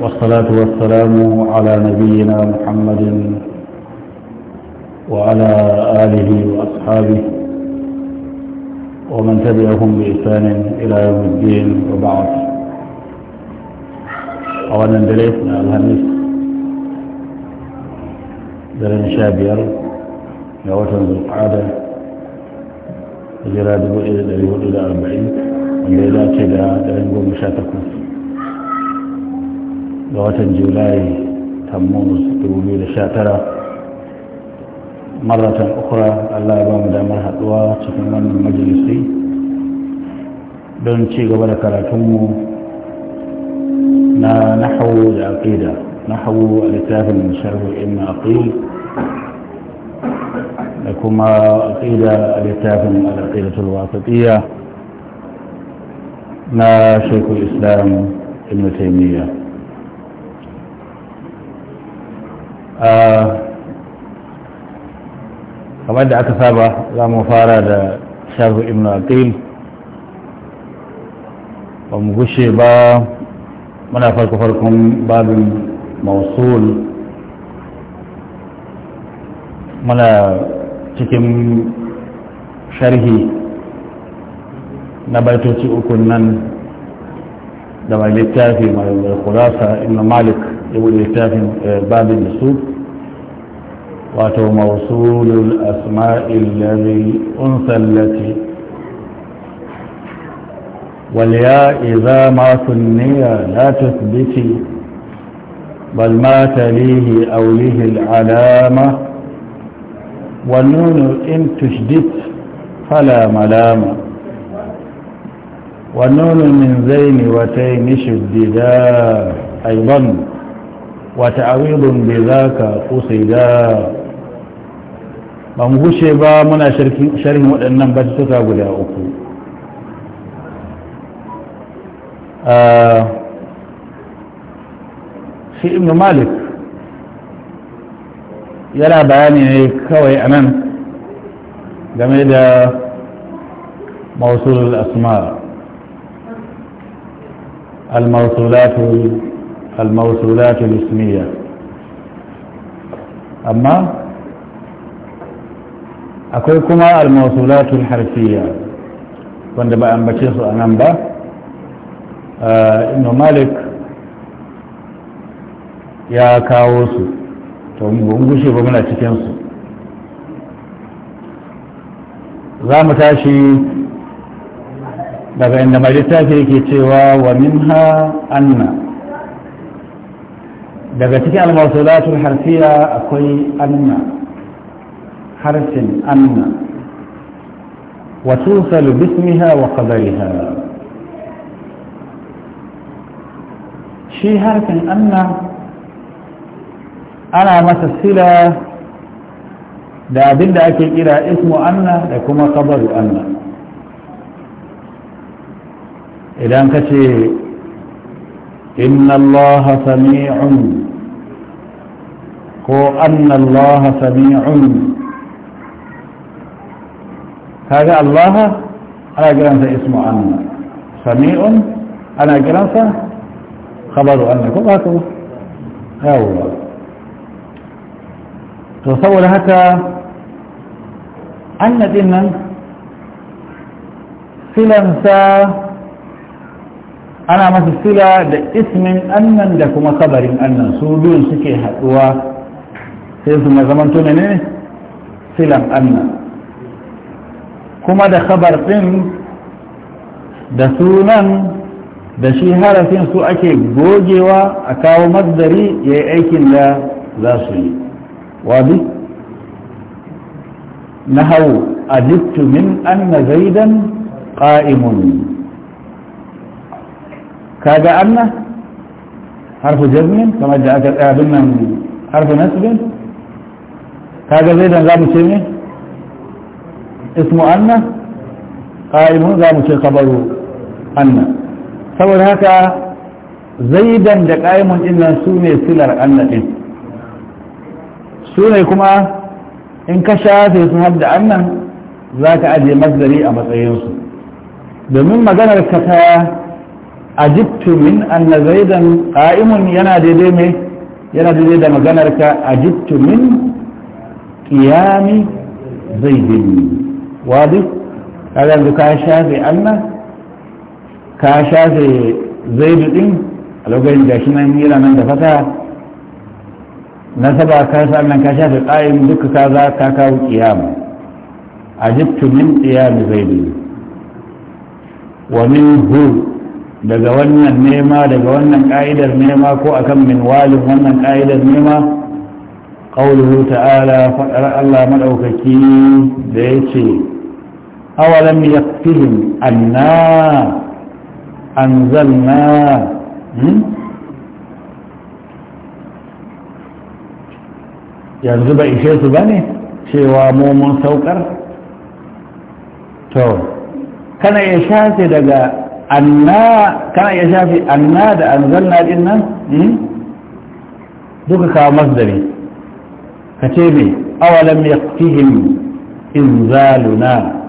والصلاة والسلام على نبينا محمد وعلى آله وأصحابه ومن تبعهم بإحسان إلى يوم الدين وبعد أولا دريتنا الهميس درين شابير يوتن ذو القعدة جراد بؤيد دليل إلى أربعين da ɗarin goma sha ga watan julai tammuz 2019 maratan ukura allah ya ba mu damar haduwa cikin wannan majalisi don ci gaba da karatunmu na nahawu da aqida nahawu a littafin sharhu ibn aqil da kuma aqida a littafin al-aqidatul wasatiyya na shekul islam ibn taymiyyah Ah, kamar da aka saba za mu fara da shafi ibn aqil ba mu gushe ba muna farko farkon babin mausul muna cikin sharhi na baitoci uku nan da mai littafi mai kulasa ibnu malik ibn littafin eh, babin da su موصول الأسماء الذي أنثى التي والياء إذا ما سنية لا تثبتي بل ما تليه او أوليه العلامة والنون إن تشدت فلا ملامة والنون من زين وتين شددا أيضا وتعويض بذاك قصدا ba mu gushe ba muna sharhin waɗannan ba suka guda uku shi ibn malik yana bayani ne kawai a nan game da mausul asma الموصولات الموصولات ismiyya amma akwai kuma almasulatul harfiya wanda ba ambace su a nan ba uh, ibn malik ya kawo su to mun gushe ba muna cikin su za mu tashi daga inda mai littafi yake cewa wa minha anna daga cikin almasulatul harfiya akwai anna harshen anna wasu باسمها وقبلها شي shi harshen anna ana da abin da ake kira ismu anna da kuma kabaru anna idan ka ce inna allaha sami'un ko anna allaha sami'un kaga Allah ana kiransa ismu anna sami'un ana kiransa khabaru anna ko ba ko yawa to saboda haka anna din nan silansa ana masa sila da ismin annan da kuma kabarin annan su biyun suke haduwa sai su mai zamanto ne silan annan kuma da khabar ɗin da sunan da shi harafin su ake gogewa a kawo masdari ya yi aikin da za su yi wadi na hau ajibtu min na zaidan qa'imun kaga anna harfu jazmin kamar da aka abin nan harfu nasbin kaga zaidan za mu ce ne ismu anna qa'imun za mu ce kabaru anna saboda haka zaidan da qa'imun din su sune silar anna din sune kuma in ka shafe su har annan za ka aje masdari a matsayinsu domin maganar ka ta ajibtu min anna zaidan qa'imun yana daidai mai yana daidai da maganar ka ajibtu min qiyami zaidin wadi kaga yanzu ka shafe Allah ka shafe zaidu din a lokacin gashi nan yana nan da fata nasaba ka sa nan ka shafe qaim duka ka za ka kawo ƙiyama a ajibtu min zai zaidu wa hu daga wannan nema daga wannan ƙa'idar nema ko akan min walin wannan ƙa'idar nema قوله تعالى maɗaukaki الله ya ديتي أولم يكفهم أنا أنزلنا ينزب إشيط بني شوى موم سوكر تو كان يشافي لغا أنا كان يشافي أنا دا أنزلنا لنا دوك كاو مصدري كتيبي أولم يكفهم إنزالنا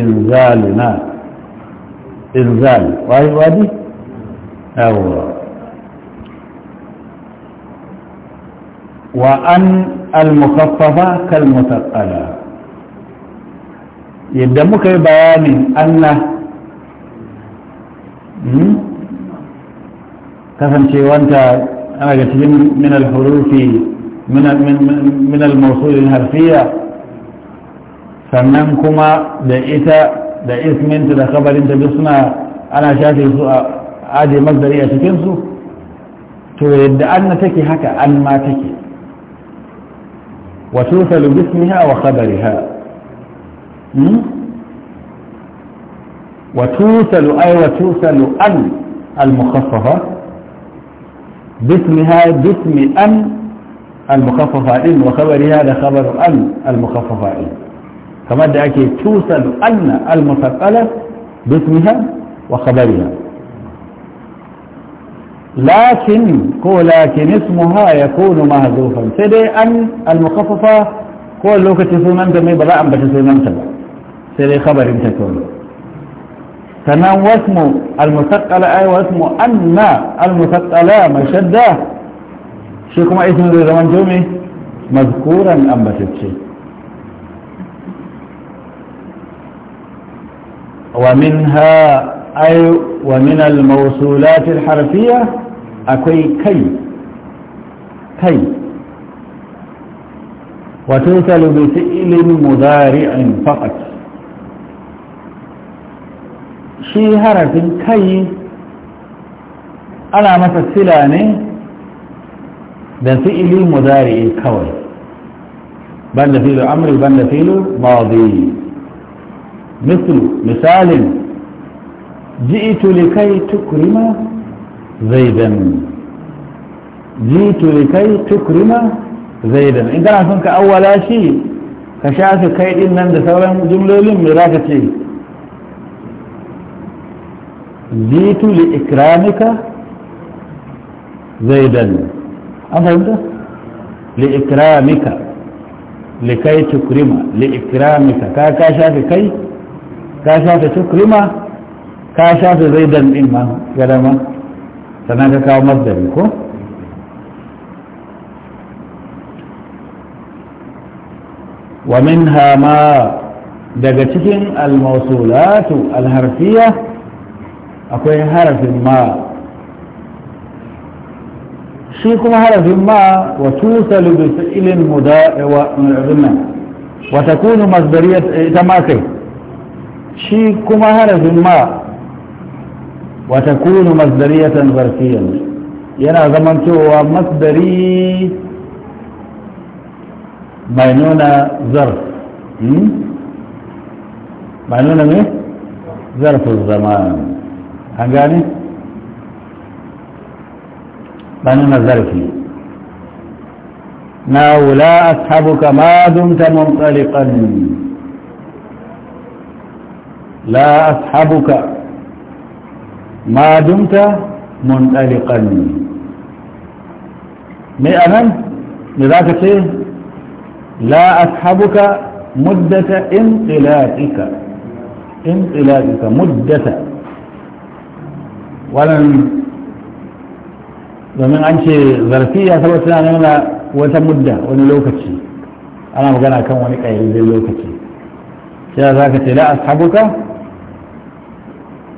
انزالنا انزال واي وادي اول أيوة. وان المخففه كالمثقله يدمك بيان ان كفن شيء وانت انا قلت من الحروف من من من الموصول الحرفيه sannan kuma da ita da isminta da kabarinta duk suna ana shafe su a aje masdari a cikinsu to yadda an na take haka an ma take wa tusalu bismiha wa khabariha wa tusalu ay wa tusalu an al-mukhaffafa باسمها باسم wa المخففة إن وخبرها لخبر أن المخففة إن kamar da ake tusal anna al-mutaqqala bismiha wa khabariha lakin ko lakin ismuha yakunu mahdhufan sai dai an al-mukhaffafa ko lokacin sunanta mai ba za a ambata sunanta ba sai dai khabarin ta kawai sannan wasmu al-mutaqqala ay wasmu anna al-mutaqqala mashadda shi kuma ismin zai zama jome mazkuran ambatacce ومنها أي ومن الموصولات الحرفية أكوي كي كي وتوصل بفعل مضارع فقط شي حرف كي أنا مثلا ne da fi'ili mudari'i kawai banda fi'il amri banda fi'il madi مثل مثال جئت لكي تكرم زيدا جئت لكي تكرم زيدا إن كان أول شيء كشاف كي إن عند ثورا جملة لمراكة جئت لإكرامك زيدا أفهمت لإكرامك لكي تكرم لإكرامك كاكا شاف ka shafe tukrima ka shafe zaidan din ma garama sannan ka kawo masdari ko wa minha ma daga cikin almausulatu alharfiya akwai harafin ma shi kuma harafin ma wa tusalu bi fi'lin mudari wa wa takunu masdariyat eh, ita ma kai shi kuma harafin ma wata kunu masdariyatan zarfiyan yana zaman cewa masdari mai nuna zarf mai nuna ne zarfin zaman an gane mai nuna zarfi na wula ashabuka ma dumta muntsalikan la ashabuka ma dumta munɗaliƙan me a nan me za ka ce la ashabuka muddata in in muddata wannan domin an ce zarfiya saboda tana nuna wata mudda wani lokaci ana magana kan wani ƙayyar lokaci sai za ka ce la ashabuka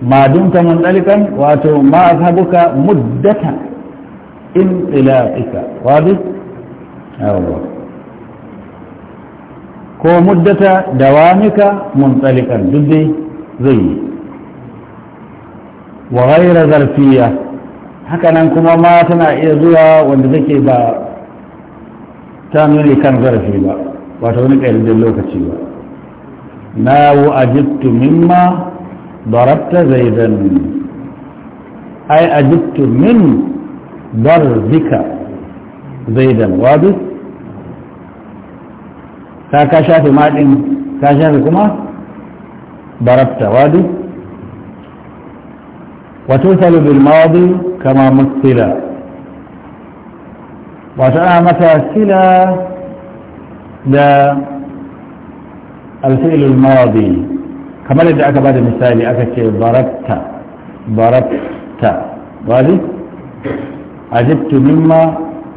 ma dumta munɗalikan wato ma azhabuka muddata in tsilaƙika wadu? yawon ko muddata dawamika munɗalikan duk dai zai yi wa ghaira zarfiya hakanan kuma ma tana iya zuwa wanda take ba ta nuni kan zarafi ba wato wani ƙayyadin lokaci ba na wa'ajibtu mimma ضربت زيدا أي أجبت من ضربك زيدا واضح كاكا شافي مالين كاشافي كما ضربت واضح وتوصل بالماضي كما مثلا وتأنا مثلا ده الفعل الماضي kamar yadda aka bada misali aka ce baratta baratta wali ajibtu mimma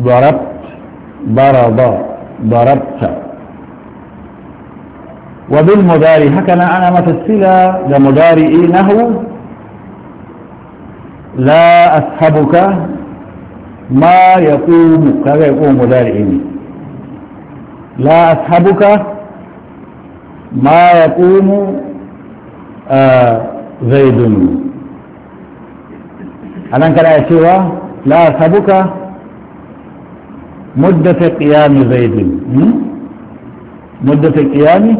barabt barada barabta wa bil mudari haka nan ana mata sila da mudari'i nahu la ashabuka ما يقوم كذا يقوم مدارعين لا أصحبك ما يقوم zaidun a nan kana cewa la sabuka muddata qiyami zaidun muddata qiyami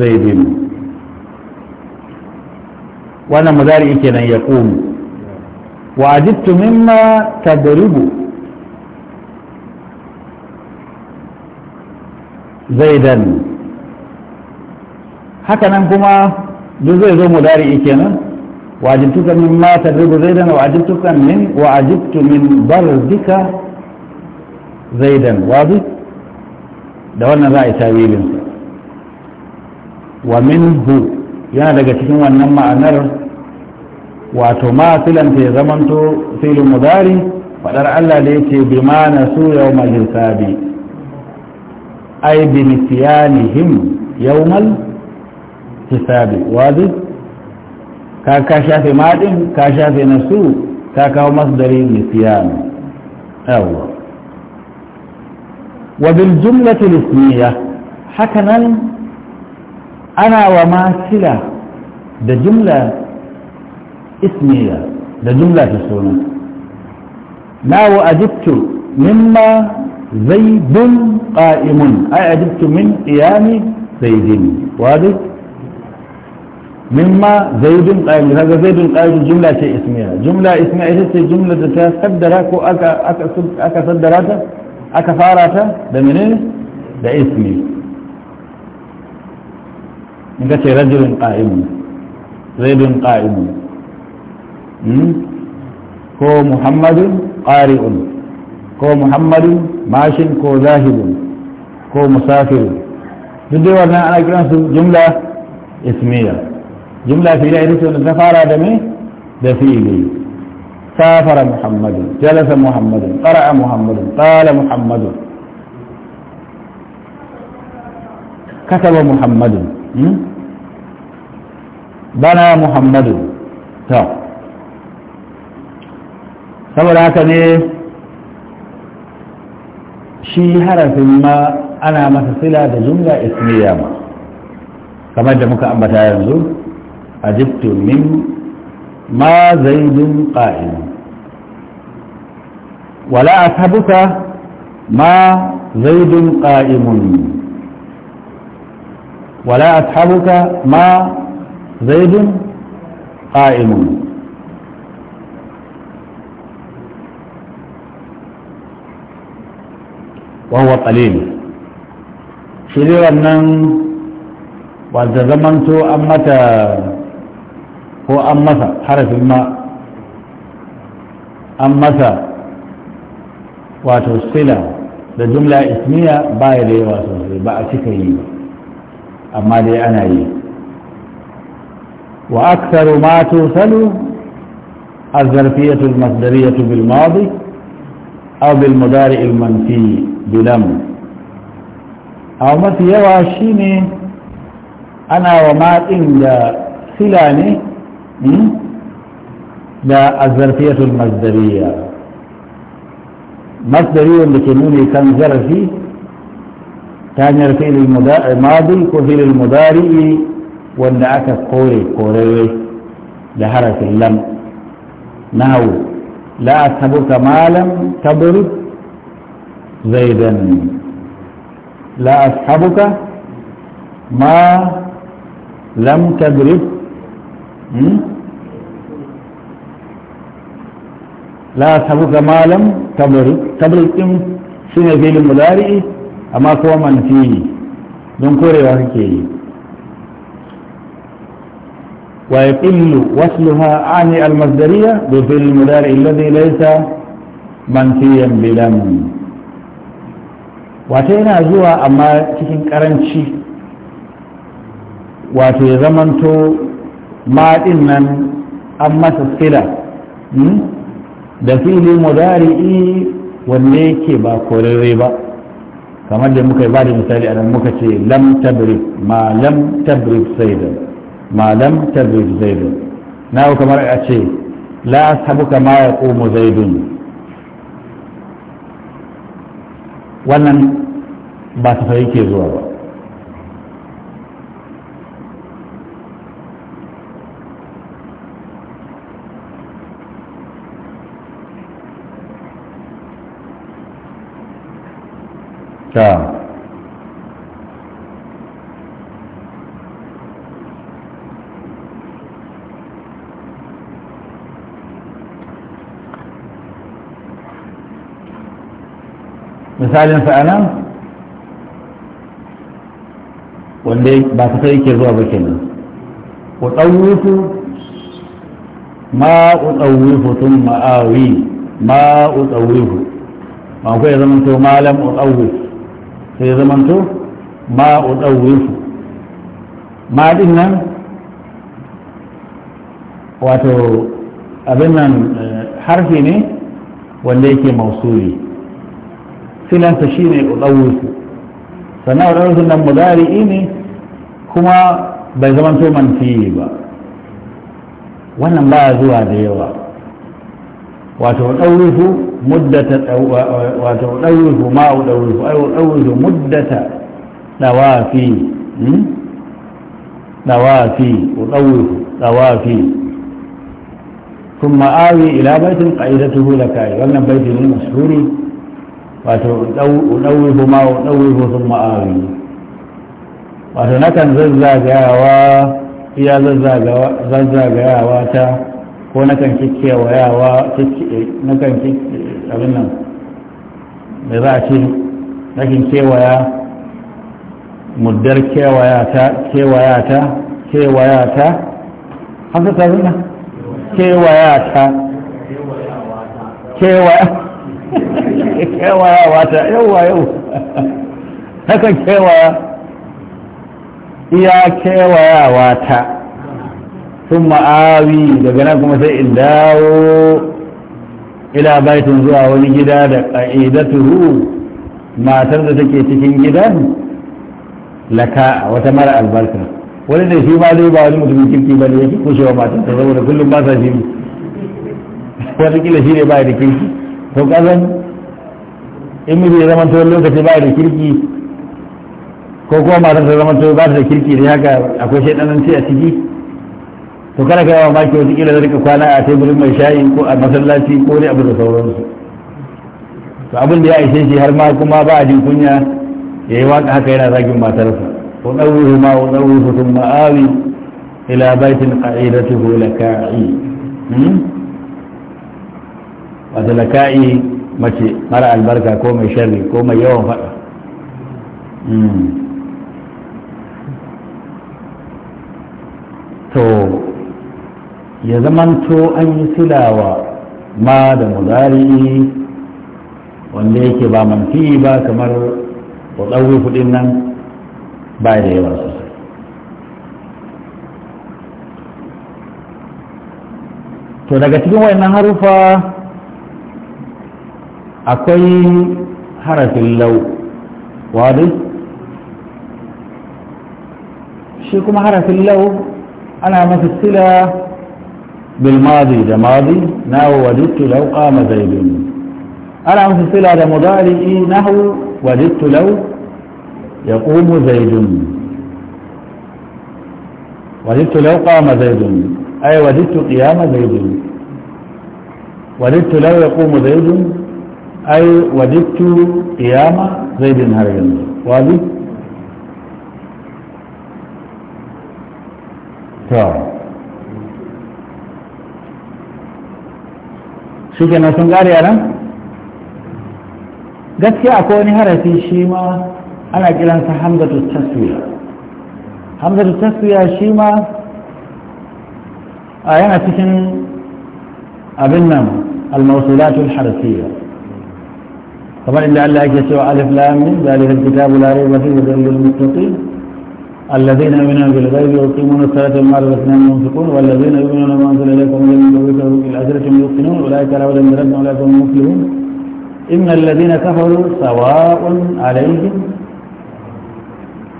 zaidun wannan mudari kenan ya qumu wa ajibtu mimma tadribu zaidan haka nan kuma duk zai zo mudari'i kenan wajibtuka min ma tadribu zaidan wajibtuka min wajibtu min barzika zaidan wazi da wannan za a yi tawilin wa minhu yana daga cikin wannan ma'anar wato ma filan ta zamanto filin mudari fadar Allah da yake bi ma nasu yawmal hisabi ay bi nisyanihim yawmal اكتسابي واضح كاكا شافي مادم كاكا شافي نسو كاكا مصدري نسيان الله أيوة. وبالجملة الاسمية حكنا انا وما سلا ده جملة اسمية ده جملة تسونا ناو اجبت مما زيد قائم اي اجبت من قيام زيد واضح mimma zaidun qali kaga zaidun qali jumla ce ismiya jumla ismiya ita ce jumla da ta saddara ko aka aka aka saddara ta aka fara ta da menene da ismi in ka ce rajulun qa'imun zaidun qa'imun ko muhammadun qari'un ko muhammadun mashin ko zahidun ko musafirun duk jumla ismiya jumla fi'liya ita ce wanda ta fara da me da fi'li safara muhammadun jalasa muhammadun qara'a muhammadun qala muhammadun kataba muhammadun bana muhammadun to saboda haka ne shi harafin ma ana masa sila da jumla ismiya ma kamar da muka ambata yanzu عجبت من ما زيد قائم ولا أسهبك ما زيد قائم ولا أسحبك ما زيد قائم وهو قليل شريرا من وانت زمنت أمتا هو أمس حرف الماء أمس واتوصلة لجملة إثنية باية لي واتوصلة بأتك لي أما لي أنا لي وأكثر ما توصل الظرفية المصدرية بالماضي أو بالمدارئ المنفي بلم أو مثل يواشيني أنا وما إن سلاني لا الظرفية المصدرية مصدرية بكنون كان ظرفي كان يرفي للماضي كفي للمضارئ وانعك قولي قولي لحركة لم نهو لا أصحبك ما لم تضرب زيدا لا أسحبك ما لم تضرب la sabu ga malam tabrik tabrik din shine filin mudari amma kuma manfi don korewa kake yi ويقل وصلها عن المصدرية بفعل man fi ليس منفيا بلم wato yana zuwa amma cikin karanci wato ya zamanto maɗin nan an masa sila da fili mudari'i wanne yake ba korarre ba kamar da muka yi ba da misali a nan muka ce lam tabrib ma lam tabrib zaidan ma lam tabrib zaidan na kamar a ce la ashabuka ma yaqumu zaidun wannan ba ta ke yake zuwa ba ta misalin sa'ana wanda ba ta sai ke zuwa ba ke nan ku ɗauwufu ma ku ɗauwufu tun ma'awi ma ku ɗauwufu ba ku ya zama to malam ku ɗauwufu sai zamanto ma uɗauwinsu ma ɗin nan wato abin nan eh, harfi ne wanda yake mausuli filanta shi ne uɗauwinsu sannan uɗauwinsu nan mudari'i ne kuma bai zamanto manfiyi ba wannan ba zuwa da yawa wato ɗaurufu muddata wato ɗaurihu ma'u ɗaurihu ai ɗaurihu muddata ɗawafi ɗawafi ɗaurihu ɗawafi ثم آوي إلى بيت قائدته لك وأن بيت المشهور وأدوه ما wato ثم آوي وأنك زلزاقاوا إيا زلزاقاوا تا ونكن كيكيا وياوا نكن abin nan mai za a ce nakin kewaya muddar kewayata kewayata kewayata an ta tarin kewaya kewayata kewayawata yauwa yau Hakan kewaya iya wata. sun ma'awi daga nan kuma sai in dawo ila baitin zuwa wani gida da ƙa'idatuhu matar da take cikin gidan laka wata mara albarka wani da shi ma dai ba wani mutumin kirki ba ne yake wa matar ta saboda kullum ba sa shiri wata kila shi ne ba da kirki to kazan in mu ya zama tuwon lokaci ba da kirki ko kuma matar ta zama tuwon ba da kirki ne haka akwai shaidanan ce a ciki to kana kai wa maki wasu kila rika kwana a teburin mai shayi ko a masallaci ko ne abu da sauransu to abin da ya aishe shi har ma kuma ba a jin kunya ya yi waka haka yana zagin matarsa ko ɗauri ma ko ɗauri sun ma'awi ila baitin ƙa'idatu ko laka'i hmm? wata laka'i mace mara albarka ko mai sharri ko mai yawan faɗa hmm. to ya zamanto an yi silawa ma da muzari wanda yake ba manfi ba kamar tsauri kudin nan ba da yawa sosai to daga cikin wayannan harufa akwai harafin lau wadu shi kuma harafin lau ana masa sila بالماضي ده ماضي نهو وددت لو قام زيد أنا عم صلة ده مضاري إيه، نهو وددت لو يقوم زيد وددت لو قام زيد أي وددت قيام زيد وددت لو يقوم زيد أي وددت قيام زيد هرجل واضح؟ طيب. shi kenan sun gane yaran gaskiya akwai wani harafi shi ma ana kiransa hamzatu taswiya hamzatu taswiya shi ma a yana cikin abin nan almausulatul harafiya kamar inda Allah yake cewa alif lam min zalikal kitabu la rayba fihi hudal lil الذين يؤمنون بالغيب يقيمون الصلاة ومما رزقناهم ينفقون والذين يؤمنون بما أنزل إليكم من ربكم وبالآخرة هم يوقنون أولئك على هدى من ربهم أولئك هم المفلحون إن الذين كفروا سواء عليهم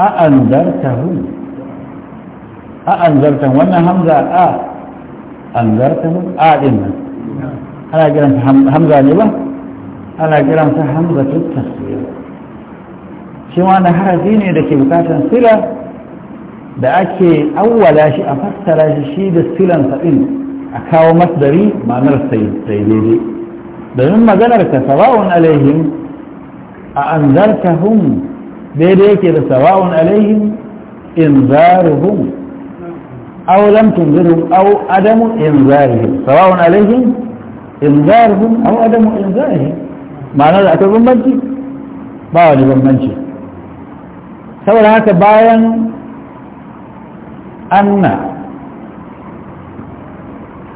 أأنذرتهم أأنذرتهم وأن همزة أ أنذرتهم أعلمنا أنا كلام همزة نبا أنا كلام همزة التسوية شو أنا حرزيني لكي بكاتا صلة da ake awwala shi a fassara shi shi da silansa ɗin a kawo masdari ma'anar sai daidai domin maganar ka sawa'un alaihim a anzartahum daidai yake da sawa'un alaihim inzaruhum aw lam tunzirhum aw adamu in inzarihim sawa'un alaihim inzaruhum aw adamu in inzarihim ma'anar akwai bambanci ba wani bambanci saboda haka bayan anna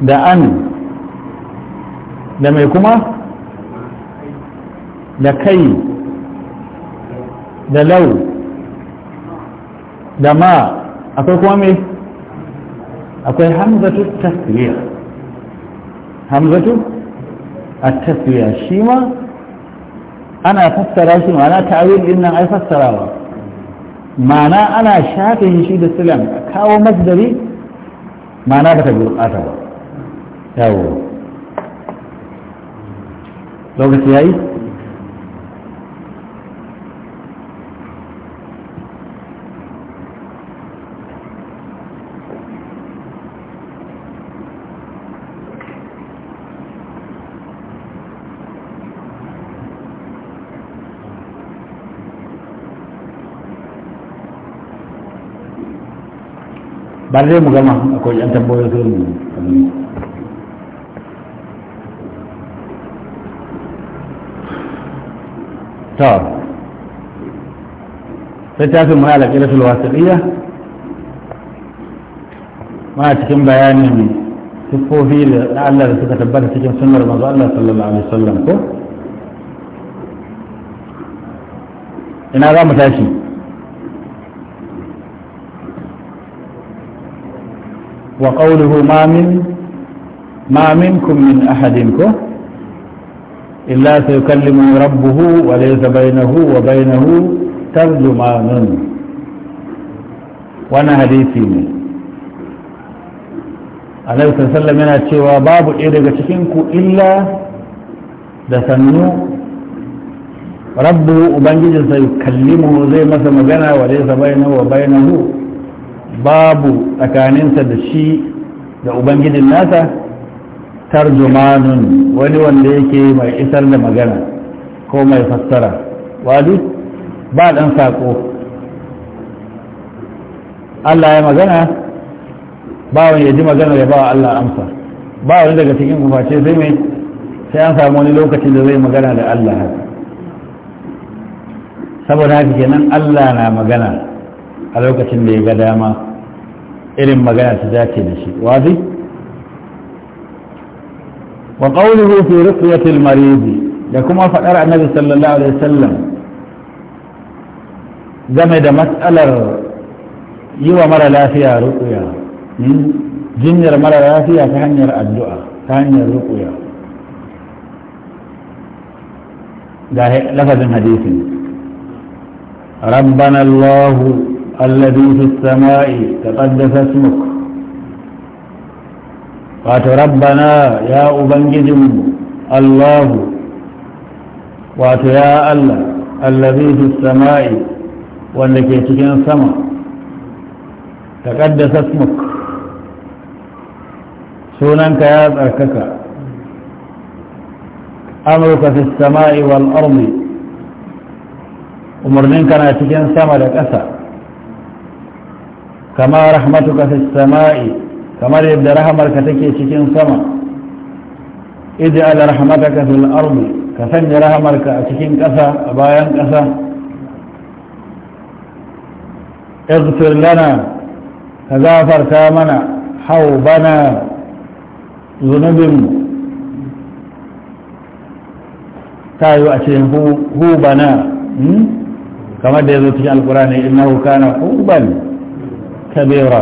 da an da mai kuma da kai da lau da ma akwai kuma mai akwai hamzatu tasiriya hamzatu a tasiriya shi ma ana fassara shi ma'ana ta'awil din nan ai fassarawa mana ana shafe shi da a kawo masdari mana ba ta gurɓata ba yawo lokaci yayi ba zai mu gama akwai yan tambayoyi sai mu ta littafin mai alaƙirar filwasiƙiyya ma cikin bayanin siffofi da Allah da suka tabbata cikin sunnar manzo Allah sallallahu alaihi wasallam ko ina za mu tashi wa qawluhu ma min ma minkum min ahadin ko illa sayukallimu rabbuhu wa laysa bainahu wa bainahu tarjumanun wannan hadisi ne alaihi sallam yana cewa babu ɗaya daga cikin ku illa da sannu rabbu ubangijinsa kallimu zai masa magana wa laysa bainahu wa bainahu babu tsakaninsa da shi da ubangijin nasa tarjumanun wani wanda yake mai isar da magana ko mai fassara wali ba dan sako Allah ya magana ba wani ya ji magana ya ba Allah amsa ba wani daga cikin kuface sai mai sai an samu wani lokacin da zai magana da Allah saboda haka kenan Allah na magana a lokacin da ya ga dama irin magana ta dace da shi wazi wa qawluhu fi ruqyatil marid da kuma fadar annabi sallallahu alaihi wasallam game da matsalar yi wa mara lafiya ruqya hmm? jinyar mara lafiya ta hanyar addu'a ta hanyar ruqya da lafazin hadisin ربنا الله الذي في السماء تقدس اسمك wato rabbana ya ubangijinmu allahu wato ya allah allazi fi sama'i wanda ke cikin sama taqaddasa ismuk sunanka ya tsarkaka amurka fi wal ardi umarninka na cikin sama da ƙasa kama rahmatuka fi sama'i kamar yadda rahamarka take cikin sama ij'al rahmataka fil ardi ka sanya rahamarka a cikin ƙasa a bayan ƙasa اغفر لنا كغافر كامنا حوبنا ذنبنا تايو أشين هوبنا كما ديزو تجعل القرآن إنه كان حوبا كبيرا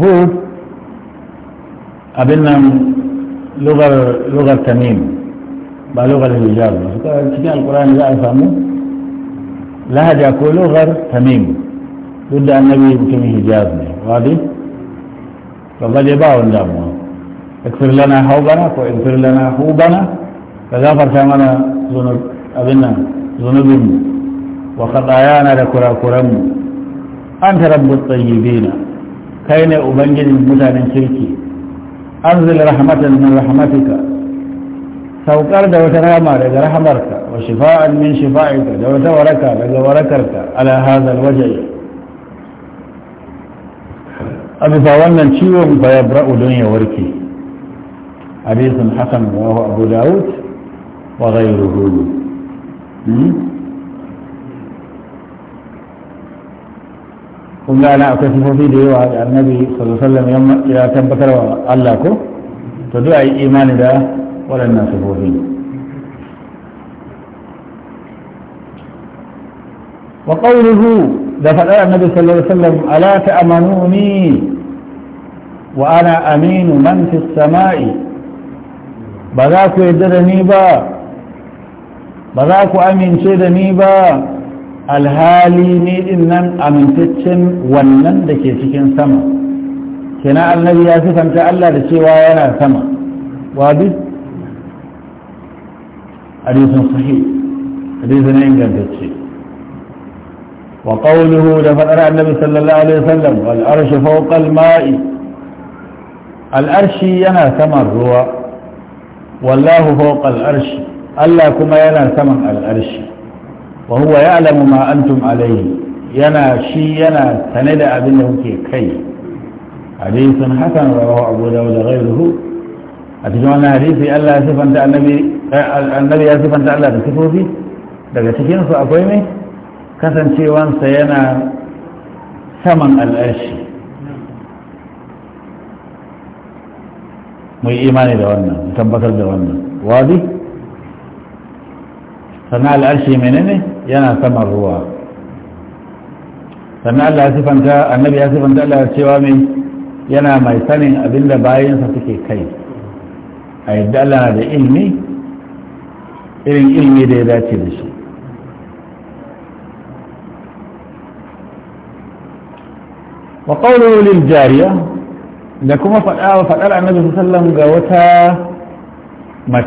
هو قابلنا لغة لغة تميم بقى لغة الهجاب القرآن لا يفهمه لهجة يقول لغة تميم أن النبي يمكن هجابنا واضح فقد يباعوا النامو اغفر لنا حوبنا واغفر لنا حوبنا فغفر na ذنوب أبنا ذنوب وخطايانا لكرا كرم أنت رب الطيبين كين أبنجد المتان شركي أنزل رحمة من رحمتك saukar da wata rama daga rahamarka wa shifa'an min shifa'ika da wata waraka daga warakarka ala hadal waje a bisa wannan ciwon bayabra'u don ya warke حديث حسن وهو أبو داود وغيره قلنا أنا أكتشف في دي النبي صلى الله عليه وسلم يوم إذا كان بكر ألاكو تدعي إيمان دا ولا الناس فوهين وقوله دفع النبي صلى الله عليه وسلم ألا تأمنوني وأنا أمين من في السماء ba za ku yadda da ni ba ba za ku amince da ni ba alhali ni din nan amintaccen wannan da ke cikin sama kina annabi ya sifanta Allah da cewa yana sama wa duk hadisin sahih hadisin ingantacce wa qawluhu da fadar annabi sallallahu alaihi wasallam wal arshu fawqa al ma'i al arshi yana sama ruwa wallahu fawqa Allah kuma yana saman al'arshi wa huwa ya'lamu ma antum alayhi yana shi yana sane da abin da kuke kai hadisun hasan rawahu abu dawud da ghayruhu a cikin wannan hadisi Allah ya sifanta annabi eh, ya sifanta Allah da sifofi daga cikinsu akwai ne? kasancewansa yana saman al'arshi mu yi imani da wannan tabbatar da wannan wadi sannan al'arshi menene yana saman ruwa sannan Allah sifanta annabi ya sifanta Allah cewa mai yana mai sanin abinda bayansa suke kai a yadda Allah na da ilmi irin ilmi da ya dace da shi wa qawluhu lil jariya da kuma faɗa faɗar annabi sallam ga wata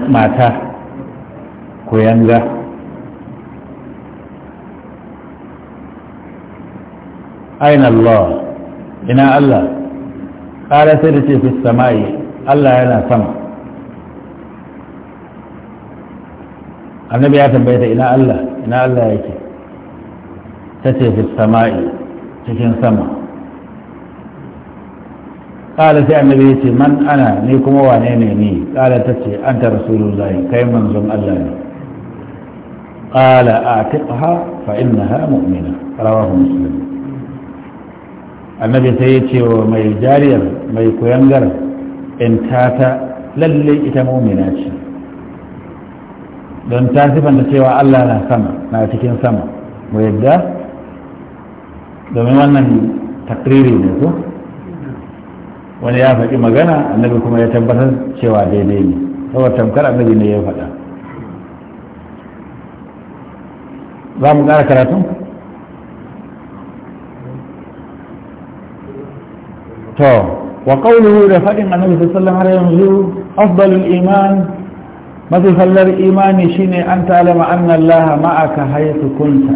mata ku koyanga aina Allah ina Allah ƙara sai da ce fi sama'i Allah yana sama annabi ya tambaye ina Allah ina Allah yake ta ce fi sama'i cikin sama قال سي النبي من انا ني كما واني ني ني قال تتي انت رسول الله كاي منزوم الله قال اعتقها فانها مؤمنه رواه مسلم annabi sai ya mai jariyar mai koyon in intata ta lalle ita mumina ce don tasifanta cewa Allah na sama na cikin sama mu yadda domin wannan takriri ne ko wani ya faɗi magana annabi kuma ya tabbatar cewa daidai ne saboda tamkar annabi ne ya faɗa za mu ƙara karatun to wa qawluhu da faɗin annabi sallallahu alaihi wasallam har yanzu afdalul iman mafi fallar imani shine an ta'lama anna allaha ma'aka haythu kunta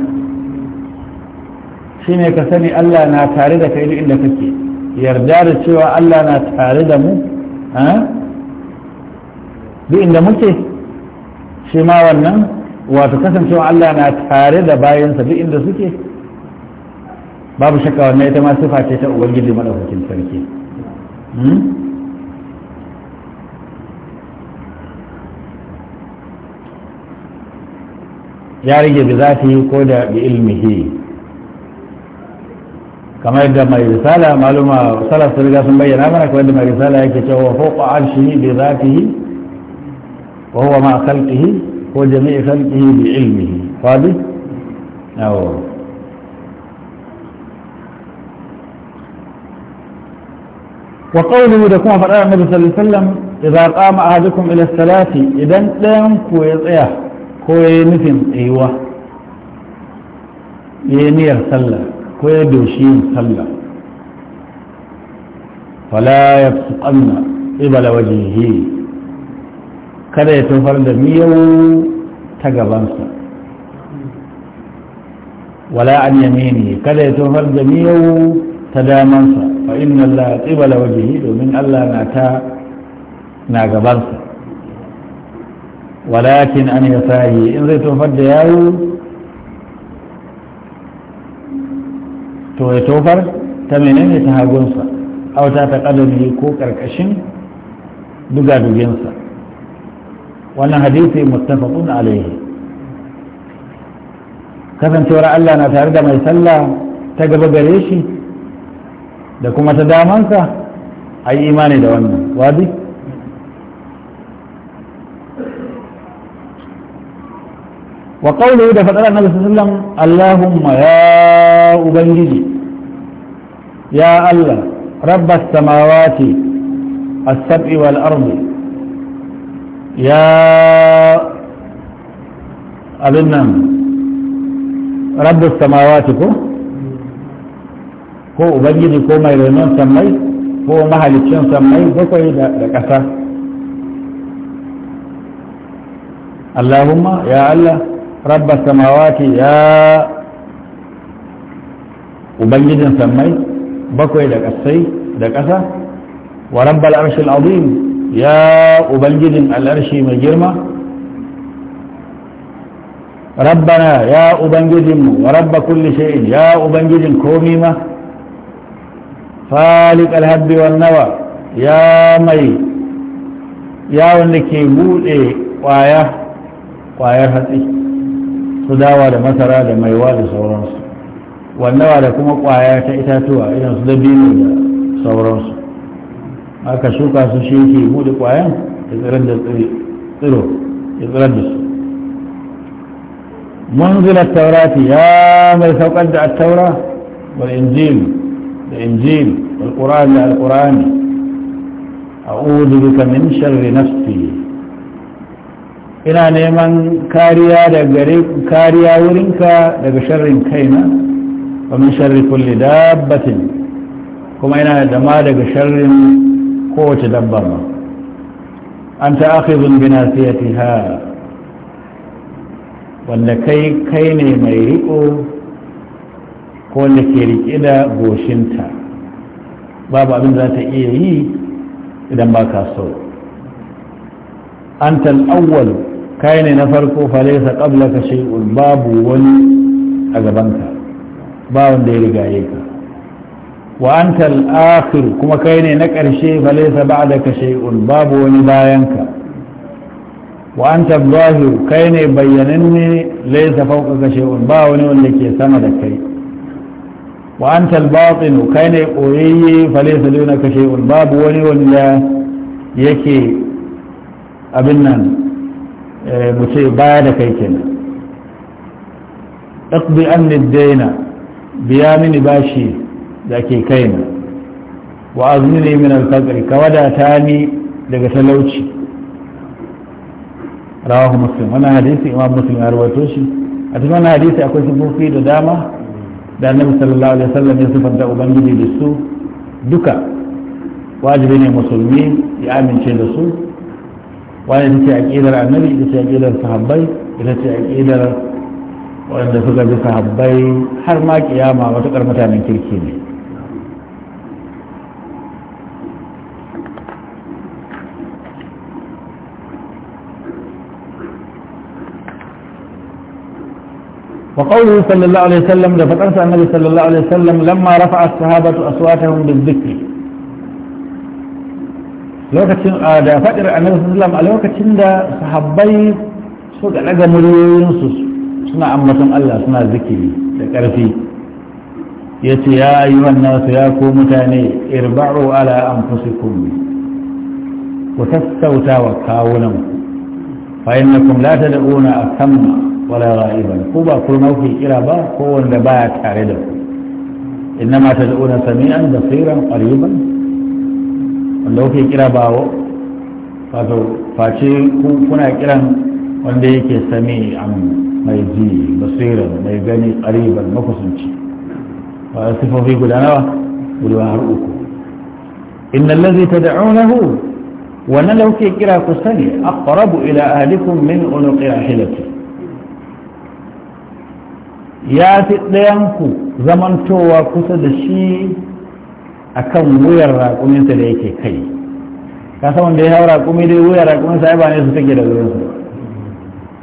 shine ka sani Allah na tare da kai duk inda kake yarda da cewa Allah na tare da mu duk inda muke shi ma wannan wato kasancewa Allah na tare da bayansa duk inda suke babu shakka wannan ita ma sifa ce ta ubangiji madaukakin sarki hmm? ya rage bi zafi ko da bi ilmihi كما يبدأ ما رسالة معلومة رسالة سبيل الله سنبين أمنا كما يبدأ ما رسالة هو فوق عرشه بذاته وهو مع خلقه وجميع خلقه بعلمه فاضي أو وقوله إذا كما فرأى النبي صلى الله عليه وسلم إذا قام أحدكم إلى الثلاث إذا لم كويتيا إيه، كوي مثل أيوه ينير إيه، صلى الله عليه وسلم koyar da shi yin sallah fala ya tsukanna ibala wajihi kada ya tofar da miyau ta gabansa wala an yamini kada ya tofar da miyau ta damansa fa inna Allah qibala wajihi domin Allah na ta na gabansa walakin an yasahi in zai tofar da yawo to ya tofar ta menene ta hagunsa auta ta kadami ko karkashin dugadugensa wannan hadisi muttafaqun alaihi kasancewar Allah na tare da mai sallah ta gaba gare shi da kuma ta damansa a yi imani da wannan wadi wa da fadar annabi sallallahu alaihi wasallam allahumma ya ubangiji ya allah rabbas samawati as-sab'i wal ya abin nan rabbus samawati ko ko ko mai renon sammai ko mahalicin sammai bakwai da ƙasa allahumma ya allah rabba samawati ya ubangijin sammai bakwai da ƙasai da ƙasa wa rabba al'arshi al'azim ya ubangijin al'arshi mai girma rabbana ya ubangijinmu wa rabba kulli shay'in ya ubangijin komi ma falik alhabbi wan nawa ya mai ya ke buɗe ƙwaya ƙwayar hatsi su dawa da masara da maiwa da sauransu wannawa da kuma kwaya ta itatuwa irin su dabino da sauransu aka shuka su shi ke buɗe kwayan da tsirar da tsiro ya tsirar da su munzilar taurati ya mai saukar da attaura wal injil da injil wal da al qur'ani a'udhu bika min sharri nafsi ina neman kariya da gare kariya wurinka daga sharrin kaina wa min sharri kulli dabbatin kuma ina da ma daga sharrin kowace dabba ma ta akhidun bi nasiyatiha wanda kai kai ne mai riko ko wanda ke rike da goshinta babu abin da za ta iya yi idan ba ka so antal al kai ne na farko falaisa qabla ka shay'un babu wani a gabanka ba wanda ya rigaye ka wa anta al-akhir kuma kai ne na ƙarshe karshe da ba'daka shay'un babu wani bayanka wa anta al-zahir kai ne bayyananne laysa fawqaka shay'un ba wani wanda ke sama da kai wa anta al kai ne koyayye falaisa dunaka shay'un babu wani wanda yake abin nan Eh, mu ce baya da kai kenan ɗaɓɓi an daina biya mini bashi da ke kaina wa azmini min alfaqri ka wadata ni daga talauci rawahu muslim wani hadisi imam muslim ya rubuto shi a cikin wani hadisi akwai sifofi da dama da annabi sallallahu alaihi wasallam ya sifanta ubangiji da su duka wajibi ne musulmi ya amince da su وأنا تتعك إلى العملي تتعك إلى الصحابي إلى تتعك إلى وعند فقر الصحابي حرمك يا ما وتقر متان من تلكيني وقوله صلى الله عليه وسلم لفترة النبي صلى الله عليه وسلم لما رفع الصحابة أصواتهم بالذكر lokacin da faɗin annabi sallallahu a lokacin da sahabbai suka daga muryoyinsu suna ambaton Allah suna zikiri da ƙarfi ya ce ya yi wannan ya ko mutane irba'u ala anfusikum ku sassauta wa kawunan fa innakum la a asamma wala ra'iban ku ba ku nauki kira ba ko wanda baya tare da ku innama tad'una sami'an basiran qariban wanda kuke kira ba wato face kuna kiran wanda yake sami an mai ji basira mai gani ƙariban makusanci ba sifofi guda nawa guda har uku inna ta tad'unahu wannan da kuke kira ku sani aqrabu ila ahlikum min a hilatu. ya fi ɗayanku zamantowa kusa da shi akan wuyar raƙuminsa da yake kai ka san wanda ya hau raƙumi dai wuyar raƙuminsa ai ba ne su take da wurinsa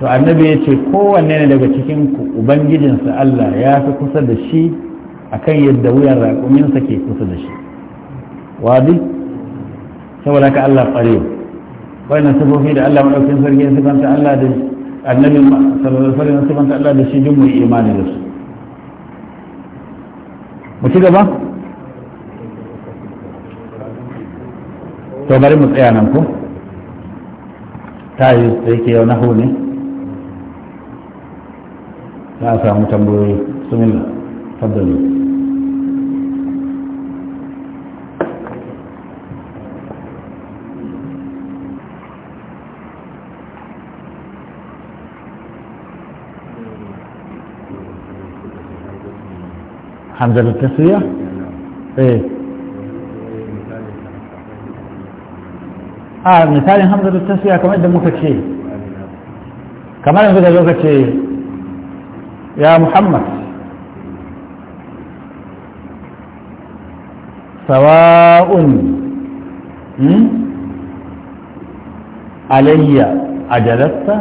to annabi ya ce kowanne ne daga cikin ubangijinsa Allah ya fi kusa da shi akan yadda wuyar raƙuminsa ke kusa da shi wadi saboda ka Allah ƙwarewa wannan sifofi da Allah maɗaukin sarki ya sifanta Allah da annabi sallallahu alaihi wasallam sifanta Allah da shi duk mu imani da su mu ci gaba to bari mu tsaya nan ko ta yi da yake yau na hu ne za a samu tambayoyi sumin fadda حمزة التسوية ايه a misalin hamzatul tasfiya kamar da muka ce kamar yanzu da lokaci ce ya muhammad sawa'un alayya ajalasta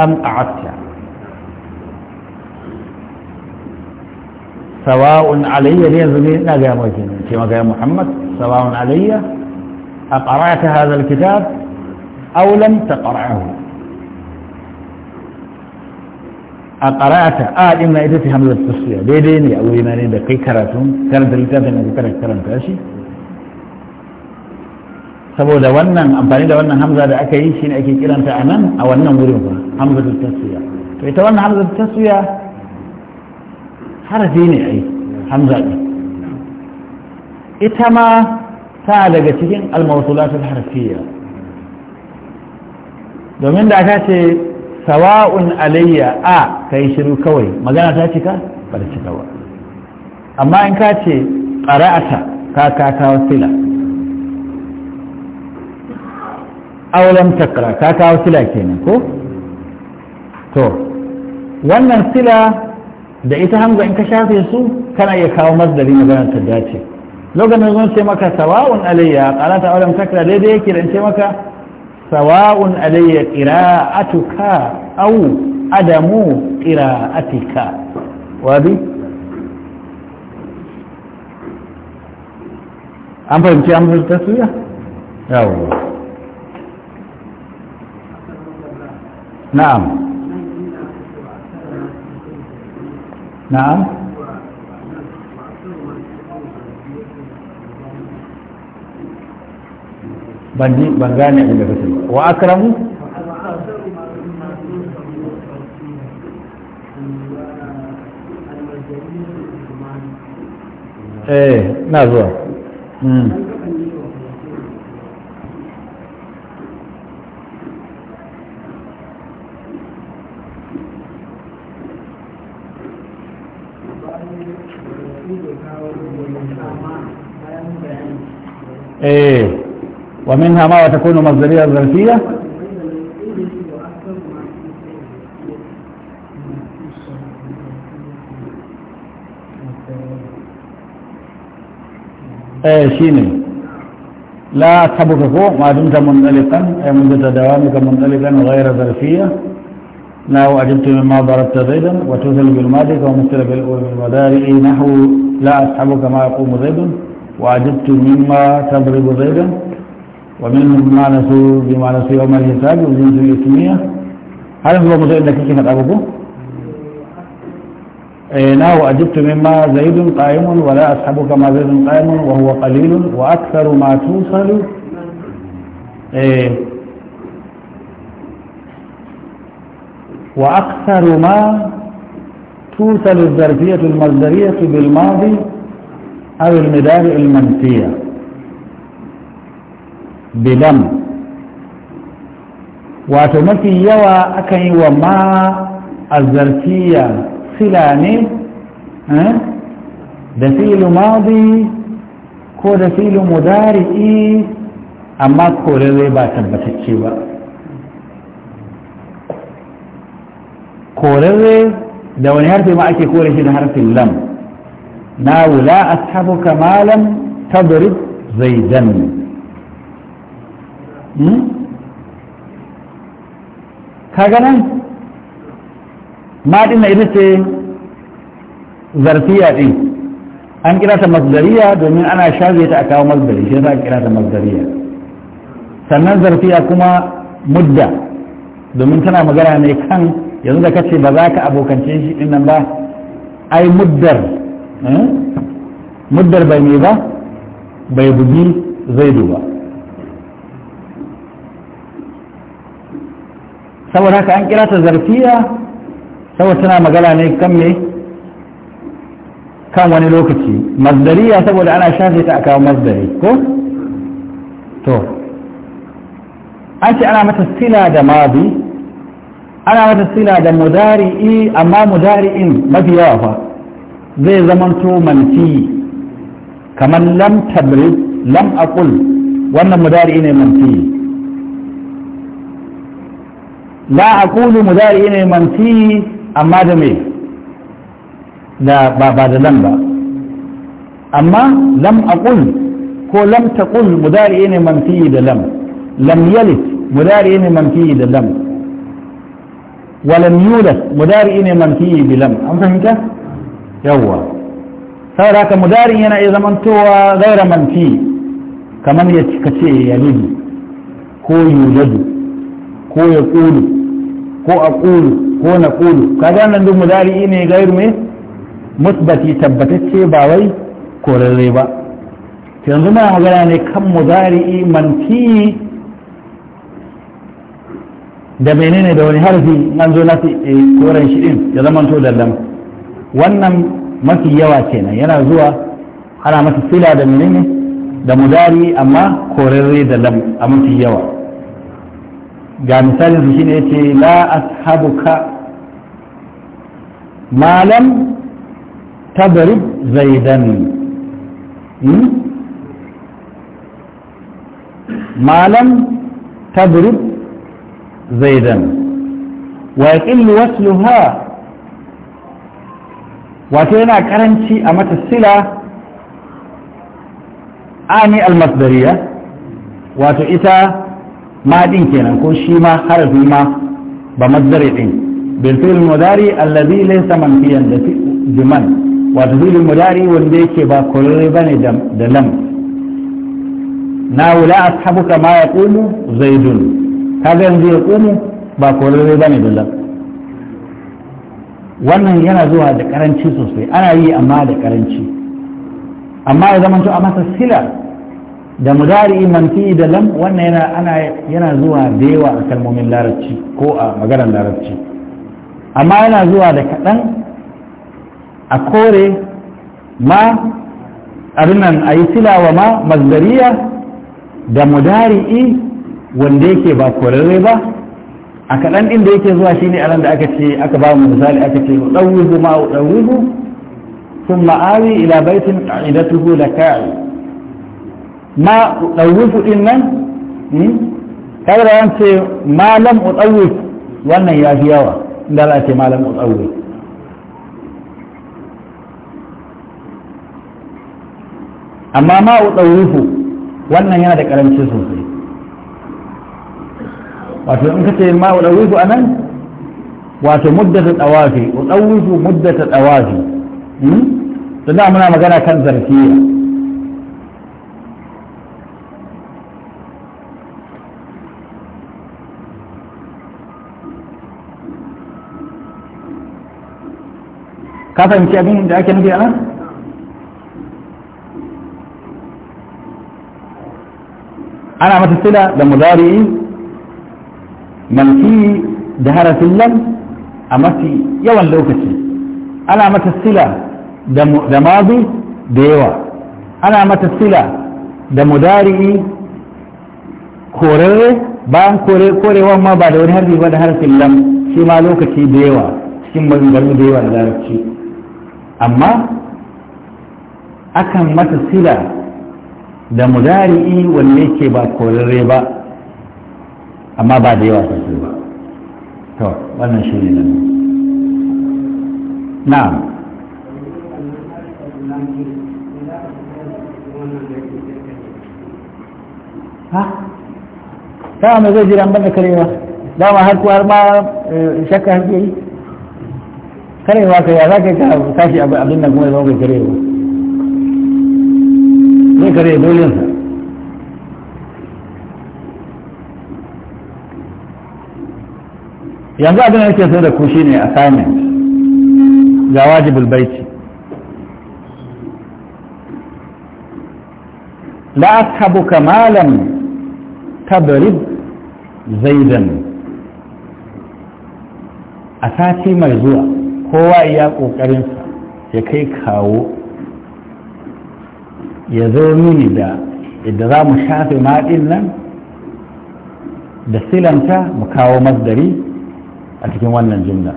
am a'atta sawa'un alayya ne yanzu ne na gaya mai ce maka ya muhammad sawa'un alayya أقرأت هذا الكتاب أو لم تقرأه أقرأت آل إما إذا تهم للتصفية بيديني أو إيمانين بقي كراتون كانت الكتاب إنك كرات كرات أشي saboda wannan amfani da wannan hamza da aka yi shi ne ake kiranta a nan a wannan wurin ba hamza da taswiya to ita wannan hamza da taswiya harafi ne ai hamza ne ita ma ta daga cikin almausulatul harfiya domin da aka ce sawa'un alayya a ka yi shiru kawai magana ta cika ba da cika ba amma in ka ce ƙara'ata ka ka kawo sila aulam takara ka kawo sila kenan ko to wannan sila da ita hamza in ka shafe su kana iya kawo masdari magana ta dace lokacin zan ce maka sawa'un alayya qara'ata aw lam takra daidai yake dan ce maka sawa'un alayya qira'atuka aw adamu qira'atika wadi an fahimci an suya yawo na'am na'am ban gane abin da kake wa akramu eh na zuwa hmm. Eh. ومنها ما تكون مصدرية الظرفية ايه شيني لا فوق ما دمت منطلقا اي منذ دوامك منطلقا غير ظرفية لا وعجبت مما ضربت زيدا وتوثل بالمادك ومثل بالمدارئ نحو لا اسحبك ما يقوم زيد وعجبت مما تضرب زيدا ومنهم ما نسوا بما نسوا يوم الحساب وجنس الاسمية هل هو مزيد انك كيف ابوكو اينا نعم، واجبت مما زيد قائم ولا أصحبك ما زيد قائم وهو قليل وأكثر ما توصل إيه، وأكثر ما توصل الظرفية المصدرية بالماضي أو المدار المنفية bilam wato mafi yawa aka yi wa ma azartiya sila ne eh, da filu madi ko da filu mudari'i amma korewa ba tabbatacce ba korarre da wani harfi ma ake kore shi da harfin lam na wula ashabuka malam zai zaidan Hmm? kaga nan ma na ita ce zarfiya din an kira ta masdariya domin ana shaze ta a kawo masdari shi za a kira ta masdariya sannan zarfiya kuma mudda domin tana magana ne kan yanzu da kace ba za ka abokance shi din nan ba ai muddar hmm? muddar bai ne ba bai bugi zaidu ba saboda haka an kira ta zarfiya saboda tana magana ne kan me kan wani lokaci masdariya saboda ana shafe ta a kawo masdari ko to an ce ana mata sila da mabi ana mata sila da mudari'i amma mudari'in mafi yawa fa zai zamanto manfi kamar lam tabrid lam aqul wannan mudari'i ne manfi la aqulu mudari ne fi amma da me da ba ba da lam ba amma lam a aqul ko lam taqul mudari ne fi da lam lam yalid mudari ne fi da lam ولم يولد مداري ne manfi bi lam an fahimta yawwa saboda haka mudari yana iya zamantowa man fi kamar ya ce yalidu ko yuladu ko ya ƙulu ko a ƙulu ko na ƙulu kaji nan duk mudari ne gairu me musbati tabbatacce ba wai korarre ba yanzu na magana ne kan mudari manti da menene da wani harfi an zo na eh, koren shi din ya zama to dallam wannan mafi yawa kenan yana zuwa ana masa sila da menene da mudari amma korarre da lam a mafi yawa ga misalin su shine yace la ashabuka malam tabrib zaidan hmm? malam tabrib zaidan wa wasu wasluha wato yana karanci a mata sila ani almasdariya wato ita ma din kenan ko shi ma harafi ma ba mazdari din bil fi'l mudari allazi laysa manfiyan da juman wato fi'l mudari wanda yake ba korare bane da lam na wala ashabuka ma yaqulu zaidun kaga ba bane da lam wannan yana zuwa da karanci sosai ana yi amma da karanci amma ya zama a masa sila da mudari manfi da lam wannan yana ana yana zuwa da yawa a kalmomin larabci ko a maganar larabci amma yana zuwa da kaɗan a kore ma arinan a yi silawa ma mazdariya da mudari'i wanda yake ba korarre ba a kaɗan inda yake zuwa shine a da aka ce aka ba mu misali aka ce ɗauwihu ma ɗauwihu sun ma'awi ila baitin ƙa'idatuhu da ka'i ma ɗauwufu ɗin nan hmm? kada da yance malam utsawif wannan ya fi yawa inda za a ce malam utsawif amma ma utsawufu wannan yana da karanci sosai wato in ka ce ma utsawufu a nan wato muddata tsawafi utsawufu muddata tsawafi hmm? tunda muna magana kan zarfiya ka fahimci abin da ake nufi a nan ana mata sila da muzari manfi da harafin lam a mafi yawan lokaci ana mata sila da mazi da yawa ana mata sila da mudari korarre bayan korewa ma ba da wani harfi ba da harfin lam shi ma lokaci da yawa cikin maganganu da yawa da larabci amma akan mata sila da mudari'i wanda ke ba korarre ba amma ba da yawa sosai ba to wannan shi ne nan na'am ha ta mai zai jiran banda karewa dama har kuwa har ma eh, shakka har yi kare ba ka ya za ka yi tashi abin da kuma ya zama kare ba zai kare dole sa yanzu abin da nake so da ku shine assignment ga wajibul baiti la ashabuka malam tabrib zaidan a sati mai zuwa kowa ya ƙoƙarinsa ya kai kawo ya zo mini da yadda za mu shafe maɗin nan da silanta mu kawo masdari a cikin wannan jumla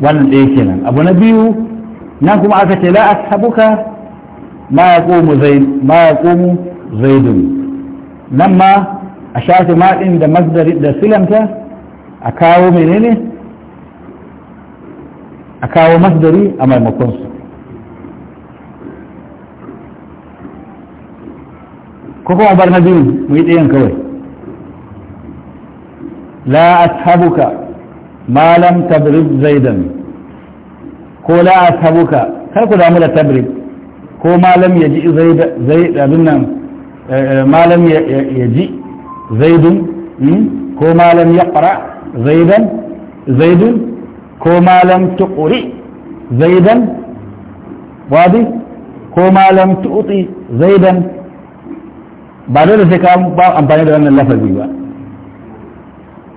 wannan ɗaya kenan abu na biyu nan kuma aka ce a ashabuka ma ya komu zaidun nan ma a shafi maɗin da masdari da silanta a kawo menene a kawo masdari a maimakonsu ko kuma bar na biyu mu yi ɗayan kawai la ashabuka ma lam tabrib zaidan ko la ashabuka kar ku damu da tabrib ko ma lam yaji zaidan nan eh, eh, yaji zaidun hmm? ko malam ya fara zaidan zaidun ko malam tuƙuri zaidan wadi ko malam tuƙi zaidan ba dole sai ka ba amfani da wannan lafazi ba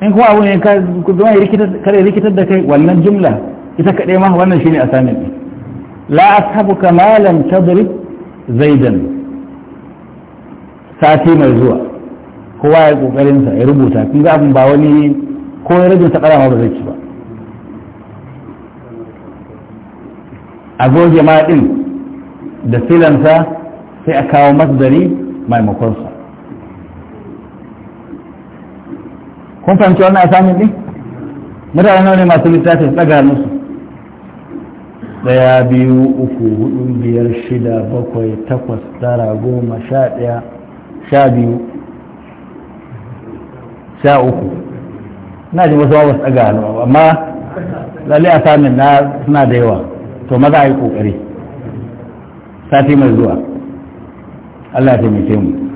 in kuma abu ne ka zama kare rikitar da kai wannan jumla ita kaɗai ma wannan shine asamin ne la ashabuka malam tadrib zaidan sati mai zuwa kowa ya kokarin sa ya rubuta kun ga ba wani ko ya rubuta karama ba zai ci ba a goge ma din da filansa sai a kawo masdari maimakon sa kun fahimci wannan asamin din mutane nawa ne masu littafin tsaga musu daya biyu uku hudu biyar shida bakwai takwas tara goma sha ɗaya, sha biyu sha uku na ji wasu wasu daga hannu amma lalle a samun na suna da yawa to maza a yi kokari sati mai zuwa Allah ya taimake mu